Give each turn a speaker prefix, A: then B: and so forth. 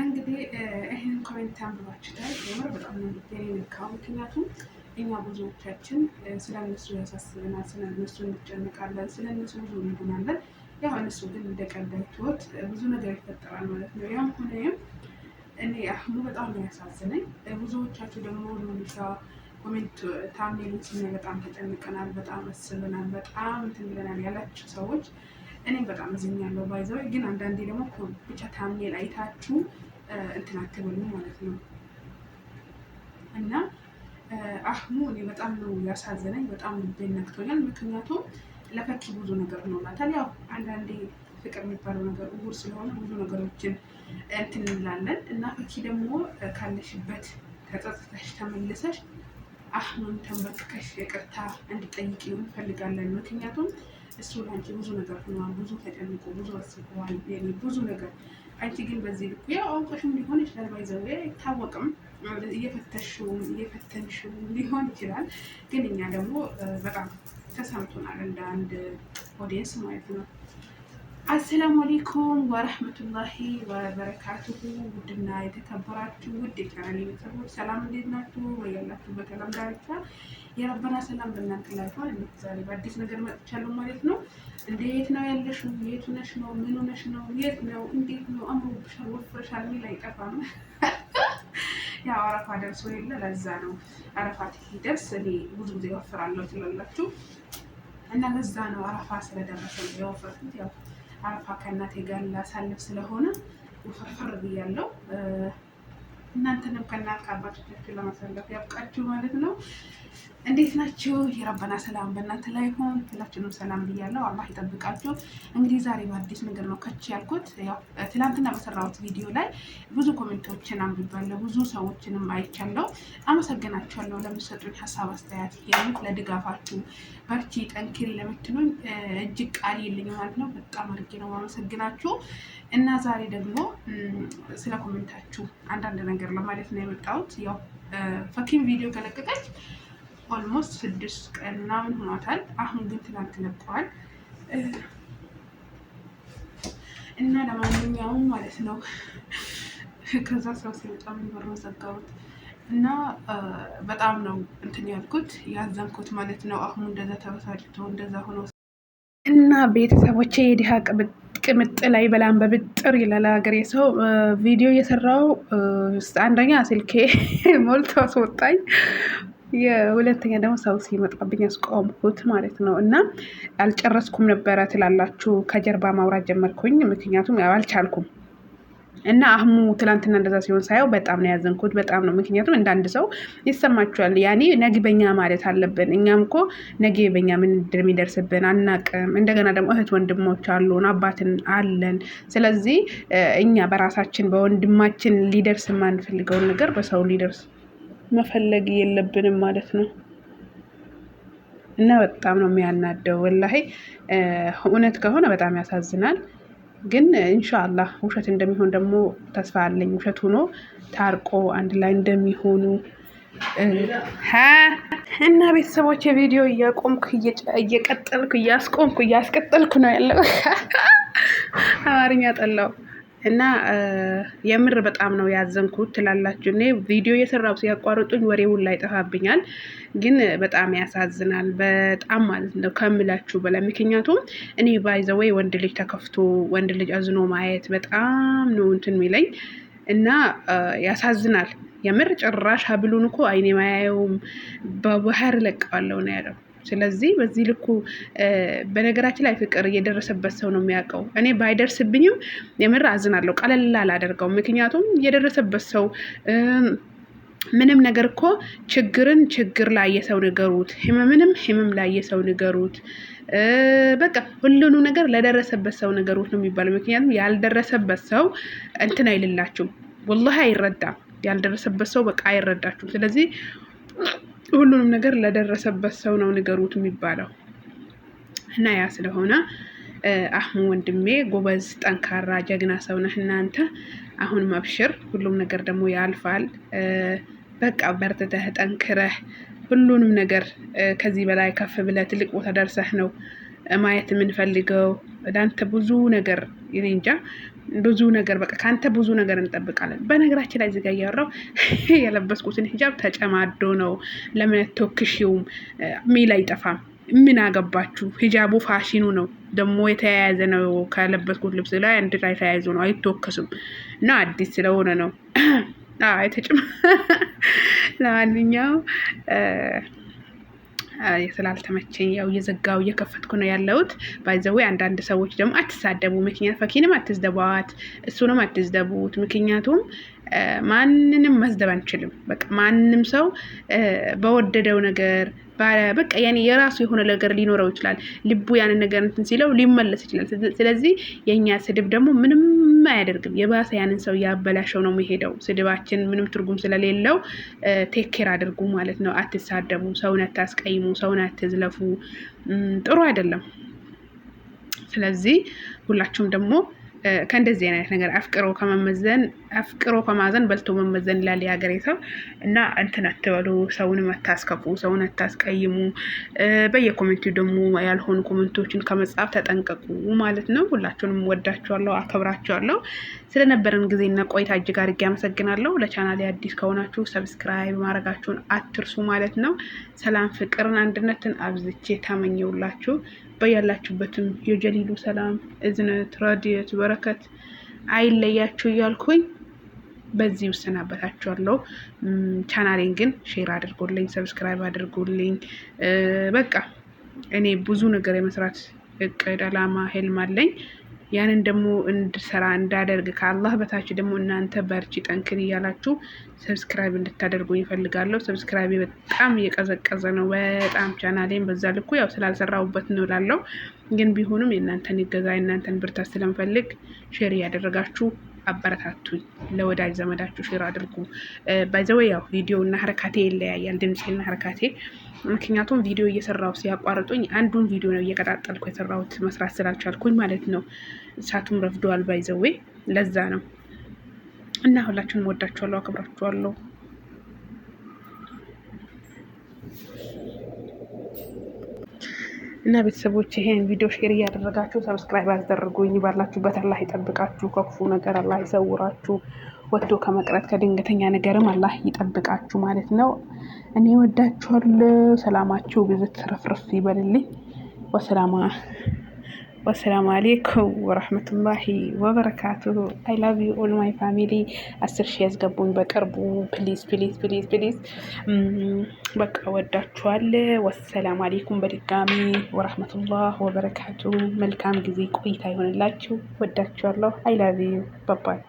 A: እንግዲህ ይህን ኮሜንት አንብባችሁታል። የምር በጣም ነው የነካው። ምክንያቱም እኛ ብዙዎቻችን ስለ እነሱ ያሳስበናል፣ ስለ እነሱ እንጨነቃለን፣ ስለ እነሱ ብዙ እንሆናለን። ያው እነሱ ግን እንደቀዳይቶት ብዙ ነገር ይፈጠራል ማለት ነው። ያም ሆነም እኔ አህሙ በጣም ነው ያሳዝነኝ። ብዙዎቻችሁ ደግሞ ሉሊሳ ኮሜንት ታሜሉት በጣም ተጨንቀናል፣ በጣም አስበናል፣ በጣም እንትን ብለናል ያላችሁ ሰዎች እኔም በጣም እዝኛለሁ። ባይዘው ግን አንዳንዴ ደግሞ ብቻ ታምኔል አይታችሁ እንትን አትበሉ ማለት ነው እና አህሙ እኔ በጣም ነው ያሳዘነኝ። በጣም ልቤን ነክቶኛል። ምክንያቱም ለፈኪ ብዙ ነገር ሆኖላታል። ያው አንዳንዴ ፍቅር የሚባለው ነገር እውር ስለሆነ ብዙ ነገሮችን እንትን እንላለን እና ፈኪ ደግሞ ካለሽበት ተጸጽተሽ ተመልሰሽ አህሙን ተንበርክከሽ ይቅርታ እንድጠይቅ እንፈልጋለን። ምክንያቱም እሱ ለአንቺ ብዙ ነገር ሆኗል፣ ብዙ ተጨንቆ፣ ብዙ አስበዋል፣ ብዙ ነገር አንቺ ግን በዚህ ልኩ ያው አውቀሽም ሊሆን ይችላል። ባይዘው አይታወቅም። እየፈተሽውም እየፈተንሽውም ሊሆን ይችላል። ግን እኛ ደግሞ በጣም ተሰምቶናል እንደ አንድ ኦዲየንስ ማለት ነው። አሰላሙ አሌይኩም ወረህመቱላሂ ወበረካቱሁ። ውድና የተከበራችሁ ውድ የቻናሌ ቤተሰቦች ሰላም እንዴት ናችሁ? ወያላችሁ በተለም ዳርቻ የረበና ሰላም በእናንተ ላይ እንዴት ዛሬ በአዲስ ነገር መጥቻለሁ ማለት ነው። እንዴት ነው ያለሽው? የቱ ነሽ ነው? ምኑ ነሽ ነው? የት ነው? እንዴት ነው? አምሮብሻል፣ ወፍረሻል ሚል አይጠፋም። ያው አረፋ ደርሶ የለ ለዛ ነው አረፋ ሲደርስ እኔ ብዙ ጊዜ ወፍራለሁ ትላላችሁ እና ለዛ ነው አረፋ ስለደረሰ ነው የወፈርኩት ያው አርፋ ከእናቴ ጋር ላሳልፍ ስለሆነ ውፍርፍር ብያለው። እናንተንም ከእናት ከአባቶቻችሁ ለማሳለፍ ያብቃችሁ ማለት ነው። እንዴት ናችሁ? የረበና ሰላም በእናንተ ላይ ሆን ሁላችንም ሰላም ብያለሁ። አላህ ይጠብቃችሁ። እንግዲህ ዛሬ በአዲስ ነገር ነው ከች ያልኩት። ትላንትና በሰራሁት ቪዲዮ ላይ ብዙ ኮሜንቶችን አንብቤያለሁ፣ ብዙ ሰዎችንም አይቻለሁ። አመሰግናችኋለሁ ለምሰጡኝ ሀሳብ አስተያየት፣ የምት ለድጋፋችሁ፣ በርቺ ጠንክሪ ለምትሉኝ እጅግ ቃል የለኝም ማለት ነው። በጣም አድርጌ ነው አመሰግናችሁ። እና ዛሬ ደግሞ ስለ ኮሜንታችሁ አንዳንድ ነገር ለማለት ነው የመጣሁት። ያው ፈኪም ቪዲዮ ከለቀቀች ኦልሞስት ስድስት ቀን ምናምን ሆኗታል። አሁን ግን ትናንት ለቀዋል እና ለማንኛውም ማለት ነው ከዛ ሰው ሲወጣ ምንበር ዘጋሁት እና በጣም ነው እንትን ያልኩት ያዘንኩት ማለት ነው። አሁን እንደዛ ተበሳጭቶ እንደዛ ሆኖ እና ቤተሰቦቼ የድሃ ቅብጥ ቅምጥል አይበላም በብጥር ይላል ሀገሬ ሰው። ቪዲዮ እየሰራው አንደኛ ስልኬ ሞልቶ አስወጣኝ፣ የሁለተኛ ደግሞ ሰው ሲመጣብኝ አስቆምኩት ማለት ነው። እና አልጨረስኩም ነበረ ትላላችሁ። ከጀርባ ማውራት ጀመርኩኝ፣ ምክንያቱም አልቻልኩም። እና አህሙ ትላንትና እንደዛ ሲሆን ሳየው በጣም ነው ያዘንኩት። በጣም ነው ምክንያቱም እንዳንድ ሰው ይሰማችኋል። ያኔ ነግ በኛ ማለት አለብን። እኛም እኮ ነግ በኛ ምን እንደሚደርስብን አናቅም። እንደገና ደግሞ እህት ወንድሞች አሉን፣ አባትን አለን። ስለዚህ እኛ በራሳችን በወንድማችን ሊደርስ የማንፈልገውን ነገር በሰው ሊደርስ መፈለግ የለብንም ማለት ነው። እና በጣም ነው የሚያናደው ወላሂ። እውነት ከሆነ በጣም ያሳዝናል። ግን እንሻላ ውሸት እንደሚሆን ደግሞ ተስፋ አለኝ። ውሸት ሆኖ ታርቆ አንድ ላይ እንደሚሆኑ እና ቤተሰቦች የቪዲዮ እያቆምኩ እየቀጠልኩ እያስቆምኩ እያስቀጠልኩ ነው ያለው። አማርኛ ጠላው። እና የምር በጣም ነው ያዘንኩት ትላላችሁ። እኔ ቪዲዮ እየሰራሁ ሲያቋርጡኝ ወሬ ሁላ ይጠፋብኛል። ግን በጣም ያሳዝናል፣ በጣም ማለት ነው ከምላችሁ በላይ። ምክንያቱም እኔ ባይዘወይ ወንድ ልጅ ተከፍቶ ወንድ ልጅ አዝኖ ማየት በጣም ነው እንትን የሚለኝ እና ያሳዝናል። የምር ጭራሽ ሀብሉን እኮ አይኔ ማያየውም በባህር ለቀዋለሁ ነው ያለው። ስለዚህ በዚህ ልኩ በነገራችን ላይ ፍቅር እየደረሰበት ሰው ነው የሚያውቀው። እኔ ባይደርስብኝም የምር አዝናለሁ፣ ቀለል አላደርገው። ምክንያቱም የደረሰበት ሰው ምንም ነገር እኮ ችግርን ችግር ላይ የሰው ንገሩት፣ ህመምንም ህመም ላይ የሰው ንገሩት። በቃ ሁሉኑ ነገር ለደረሰበት ሰው ንገሩት ነው የሚባለው። ምክንያቱም ያልደረሰበት ሰው እንትን አይልላችሁም፣ ወላሂ አይረዳም። ያልደረሰበት ሰው በቃ አይረዳችሁም። ስለዚህ ሁሉንም ነገር ለደረሰበት ሰው ነው ንገሩት የሚባለው እና ያ ስለሆነ አህሙ ወንድሜ ጎበዝ፣ ጠንካራ፣ ጀግና ሰው ነህ። እናንተ አሁን መብሽር፣ ሁሉም ነገር ደግሞ ያልፋል። በቃ በርትተህ ጠንክረህ ሁሉንም ነገር ከዚህ በላይ ከፍ ብለህ ትልቅ ቦታ ደርሰህ ነው ማየት የምንፈልገው። ለአንተ ብዙ ነገር እኔ እንጃ ብዙ ነገር በቃ ከአንተ ብዙ ነገር እንጠብቃለን። በነገራችን ላይ እዚጋ እያወራው የለበስኩትን ሂጃብ ተጨማዶ ነው ለምን አትወክሺውም ሚል አይጠፋም። ምን አገባችሁ? ሂጃቡ ፋሽኑ ነው ደግሞ የተያያዘ ነው። ከለበስኩት ልብስ ላይ አንድ ላይ ተያይዞ ነው አይተወከስም። እና አዲስ ስለሆነ ነው የተጭማ ለማንኛውም ስላልተመቸኝ ያው እየዘጋው እየከፈትኩ ነው ያለሁት። ባይዘዊ አንዳንድ ሰዎች ደግሞ አትሳደቡ፣ ምክንያት ፈኪንም አትስደቧት፣ እሱንም አትስደቡት። ምክንያቱም ማንንም ማስደብ አንችልም። በቃ ማንም ሰው በወደደው ነገር በቃ ያኔ የራሱ የሆነ ነገር ሊኖረው ይችላል። ልቡ ያንን ነገር እንትን ሲለው ሊመለስ ይችላል። ስለዚህ የእኛ ስድብ ደግሞ ምንም አያደርግም። የባሰ ያንን ሰው ያበላሸው ነው የሚሄደው። ስድባችን ምንም ትርጉም ስለሌለው ቴኬር አድርጉ ማለት ነው። አትሳደቡ፣ ሰውን አታስቀይሙ፣ ሰውን አትዝለፉ። ጥሩ አይደለም። ስለዚህ ሁላችሁም ደግሞ ከእንደዚህ አይነት ነገር አፍቅሮ ከመመዘን አፍቅሮ ከማዘን በልቶ መመዘን ይላል የሀገሬ ሰው እና እንትን አትበሉ፣ ሰውንም አታስከፉ፣ ሰውን አታስቀይሙ። በየኮሜንቱ ደግሞ ያልሆኑ ኮሜንቶችን ከመጻፍ ተጠንቀቁ ማለት ነው። ሁላችሁንም ወዳችኋለሁ፣ አከብራችኋለሁ። ስለነበረን ጊዜና ቆይታ እጅግ አድርጌ አመሰግናለሁ። ለቻናሌ አዲስ ከሆናችሁ ሰብስክራይብ ማድረጋችሁን አትርሱ ማለት ነው። ሰላም ፍቅርን፣ አንድነትን አብዝቼ ታመኘውላችሁ። በያላችሁበትም የጀሊሉ ሰላም፣ እዝነት፣ ረድኤት፣ በረከት አይለያችሁ እያልኩኝ በዚህ እሰናበታችኋለሁ። ቻናሌን ግን ሼር አድርጎልኝ ሰብስክራይብ አድርጎልኝ። በቃ እኔ ብዙ ነገር የመስራት እቅድ አላማ ህልም አለኝ። ያንን ደግሞ እንድሰራ እንዳደርግ ከአላህ በታች ደግሞ እናንተ በርቺ ጠንክር እያላችሁ ሰብስክራይብ እንድታደርጉኝ ይፈልጋለሁ። ሰብስክራይብ በጣም እየቀዘቀዘ ነው። በጣም ቻናሌን በዛ ልኩ ያው ስላልሰራሁበት ነው ላለው ግን ቢሆንም የእናንተን ይገዛ የእናንተን ብርታት ስለምፈልግ ሼር እያደረጋችሁ አበረታቱኝ። ለወዳጅ ዘመዳችሁ ሼር አድርጉ። ባይዘወ ያው ቪዲዮ እና ሀረካቴ ይለያያል፣ ድምፄና ሀረካቴ። ምክንያቱም ቪዲዮ እየሰራው ሲያቋርጡኝ አንዱን ቪዲዮ ነው እየቀጣጠልኩ የሰራሁት መስራት ስላልቻልኩኝ ማለት ነው። እሳቱም ረፍደዋል ባይዘዌ ለዛ ነው እና ሁላችሁንም ወዳችኋለሁ፣ አክብራችኋለሁ። እና ቤተሰቦች ይሄን ቪዲዮ ሼር እያደረጋችሁ ሰብስክራይብ አስደርጉኝ። ባላችሁበት አላህ ይጠብቃችሁ፣ ከክፉ ነገር አላህ ይሰውራችሁ፣ ወጥቶ ከመቅረት ከድንገተኛ ነገርም አላህ ይጠብቃችሁ ማለት ነው። እኔ ወዳችኋለሁ። ሰላማችሁ ብዙ ትርፍርፍ ይበልልኝ። ወሰላማ ወሰላሙ አሌይኩም ወረህመቱላሂ ወበረካቱሁ። አይ ላቭ ዩ ኦል ማይ ፋሚሊ። አስር ሺህ ያስገቡኝ በቅርቡ ፕሊዝ ፕሊዝ ፕሊዝ ፕሊዝ። በቃ ወዳችኋል። ወሰላሙ አሌይኩም በድጋሚ ወረህመቱላህ ወበረካቱ። መልካም ጊዜ ቆይታ ይሆንላችሁ። ወዳችኋለሁ። አይ ላቭ ዩ ባባይ